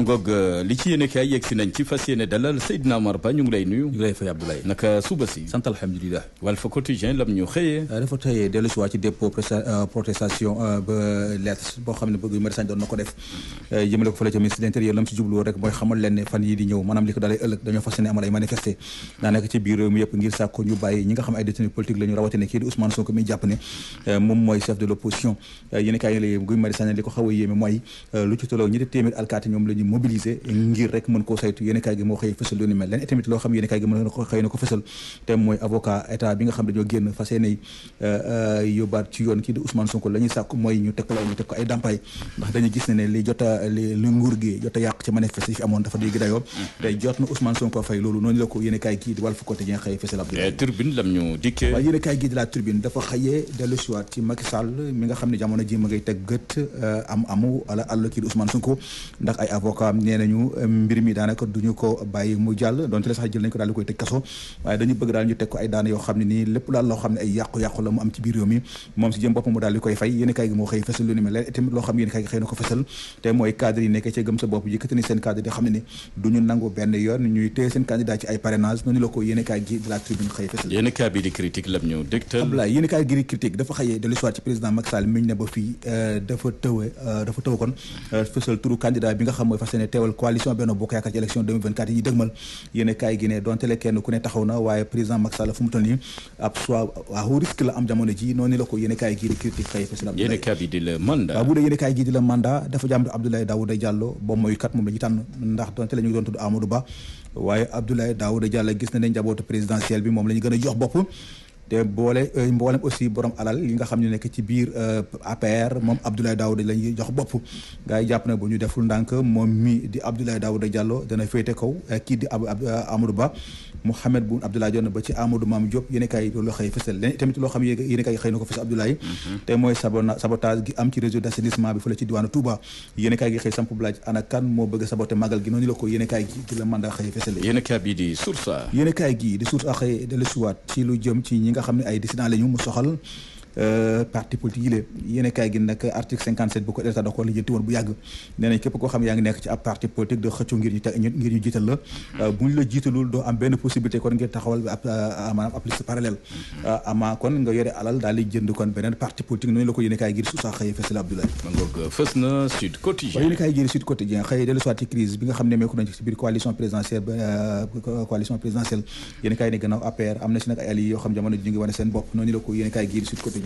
ngoog eh, li ci yéene kaay yegg nañ ci fas yéene dalal Seydina Omar Ba ñu ngi lay nuyu. ñu lay fay Abdoulaye. naka suba si. sant alhamdulilah. Walf Quotidien lam ñu xëyee. Ah, dafa tey dellu si waat ci dépôt euh, euh, ba lettre boo xam ne bëgg Mari Sagna doon euh, ci jublu rek mooy xamal leen ne ko ñu bàyyi ñi nga xam ay détenus politique la ñu rawatina kii di Ousmane Sonko mi jàpp ne moom mooy chef de l'opposition yéene kaay yi Mari Sagna li ko xaw mobiliser ngir rek mën koo saytu yéen kaay gi moo xëy fësal lu ni mel leen tamit loo xam yéen gi mën ko xëy te mooy avocat état bi nga xam dañoo génn fas yéene euh, euh, yóbbaat ci yoon kii di la ñuy sàkk mooy ñu teg la ñu teg ko ay dàmpaay ndax nguur gi jota yàq ci manifeste yi fi amoon dafa dégg dayoo te jot na Ousmane Sonko fay loolu noonu la ko yéen kaay gii di Walf Quotidien xëy fësal ab turbine eh, lam ñu dikkee waaw yéen di la turbine dafa xëyee dellu siwaat ci Macky Sall mi nga xam ne jamono ji ma ngay teg gët euh, am amu ala àll kii di Ousmane avocat am nee euh, mbir mi daanaka duñu ko bàyyi mu jàll donte sax jël nañ ko daal di koy tëj kaso waaye dañu bëgg daal ñu teg ko ay daana yoo xam ne nii lépp daal loo xam ne ay yàqu-yàqu la mu am ci biir réew moom si jëm boppam mu daal di koy fay yéen kaay gi critique lam ñu dégtal Abdoulaye yéen kaay gi di critique dafa xëyee de l'histoire ci président Macky Sall ne ba fii euh, dafa tëwe euh, dafa tëwe kon fësal turu candidat bi nga xam mooy fas yéene teewal coalition Benno Bokk Yaakaar ci élection 2024 yi ñu dëgmal yéen gi ne donte le kenn ku ne taxaw na waaye président Macky Sall fu mu ab soit waaw risque jamono ji noonu la ko yéen kaay gii di critique xëy fas yéene kaay bi di la mandat waaw bu dee yéen kaay gii di la mandat dafa jàmm Abdoulaye Daouda Diallo ba mooy kat moom la tànn ndax donte la ñu doon tudd Ba waaye Abdoulaye Daouda Diallo gis na ne njabootu présidentiel bi moom la ñu gën a jox bopp te boole euh, mboolem aussi borom alal yi nga xam ñu nekk ci biir euh, APR moom Abdoulaye Daouda la jox bopp gars jàpp na bu ñu deful ndànk moom mi di Abdoulaye Daouda Diallo dana féete kaw euh, kii di Amadou Ba a a kaay xëy na ko fësal Abdoulaye mhm. te mooy sabotage gi am ci réseau d'assainissement bi fële ci diwaanu Touba yéen a kaay gi xëy samp laaj moo bëgg a magal gi noonu la ko yéen gi di la mandat xëy fësal yéen di source a xëy dellusiwaat ci lu jëm ci nga xam ne ay dissident la ñu mu soxal Euh, parti politique yi lée yéene kaay gi nag article 57 bu yàgg nee koo xam yaa ngi euh, euh, ko xam ne meeku nañ ci biir coalition présidentielle coalition présidentielle yéene a ne gannaaw am na si nag ay alliés yoo xam jamono ji wane seen bopp noonu la ko yéene gi Sud Quotidien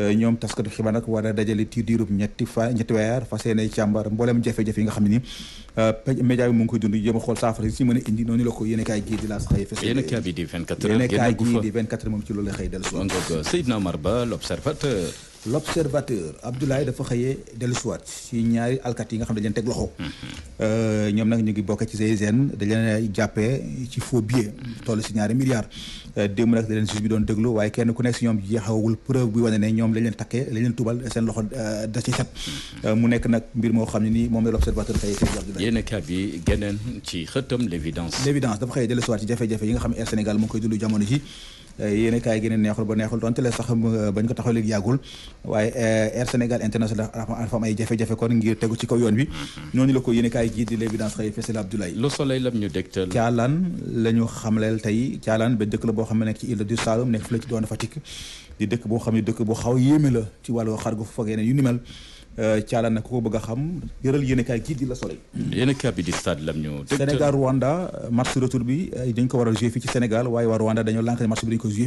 Euh, ñoom taskatu xibaar nag war a dajale ci diirub ñetti fa ñetti weer fas yéene càmbar mboolem jafe-jafe nga xam ni euh, média bi koy dund jéem a xool saafara si mën a indi noonu la ko yéen a kaay gii di laas xëy fes yéen a kaay bi di moom ci loolu xëy dellu si l' observateur Abdoulaye dafa xëyee dellusiwaat si ñaari alkat yi nga xam ne dañ leen teg loxo. Mm-hmm. ñoom nag ñu ngi bokk ci GIGN dañ leen jàppee ci faux billet. Mm-hmm. toll si ñaari milliards. Euh, démb nag da leen juge bi doon déglu waaye kenn ku nekk si ñoom jeexawul preuve bi wane ne ñoom lañ leen takkee lañ tubal seen loxo euh, da ci set. Mm-hmm. Euh, mu nekk nag mbir moo xam ne nii moom la l' observateur xëyee tey Abdoulaye. yéen a kaa bi xëyee dellusiwaat jafe-jafe yi nga xam ne Air Sénégal moo koy dund jamono ji Euh, yéen a kaay gi ne neexul ba neexul donte la sax euh, bañ ko taxaw léegi yàggul waaye euh, Air Sénégal international dafa am ay jafe-jafe kon ngir tegu ci kaw yoon bi ñooñu mm-hmm. la ko yéen a kaay gi di l'évidence xëy fesal Abdoulaye lu soleil lam ñu dégtal caalaan la ñu xamleel tey caalaan ba dëkk la boo xam ne nekk ci île du Saloum nekk fu la ci doon Fatick di dëkk boo xam ne dëkk bu xaw yéeme la ci wàllu xar gu foog yeneen yu ni Euh, Thiala nag ku ko bëgg a xam yëral yéen a kaay gii di la Soleil. yéen a bi di stade lam ñu. Sénégal Rwanda euh, match retour bi euh, dañ ko war a joué fii ci Sénégal waaye war Rwanda dañoo lànk ne match bi dañ ko joué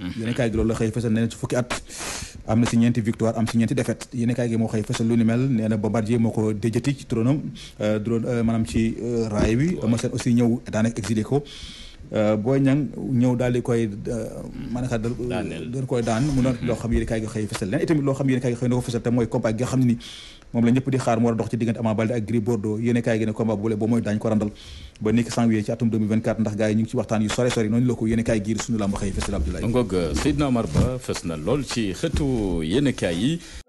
yéen kaay gi loolu la xëy fësal nee na ci fukki at am na si ñeenti victoire am si ñeenti défaite yéen kaay gi moo xëy fësal lu ni mel nee Bombardier moo ko déjati ci tronam drone euh, euh, ci euh, raay bi Eumeu Sène aussi ñëw daanaka exilé ko Boy Niang ñëw daal di koy maanaam daal doon koy daan mu doon loo xam yéen kaay gi xëy fësal leen itamit loo xam yéen kaay gi xëy na ko fësal te mooy combat gi nga xam ne ni moom la ñëpp di xaar mu war a dox ci diggante Ama Baldé ak Gris Bordeaux yéene gi ne combat boobule boo mooy daañu ko randal ba nekk janvier ci atum 2024 ndax gars yi ñu ci waxtaan yu sore sore noonu la ko yéene kaay giir suñu lamb xëy fesal Abdoulaye ngoog Seydina Omar Ba fes na lool ci xëtu yéene yi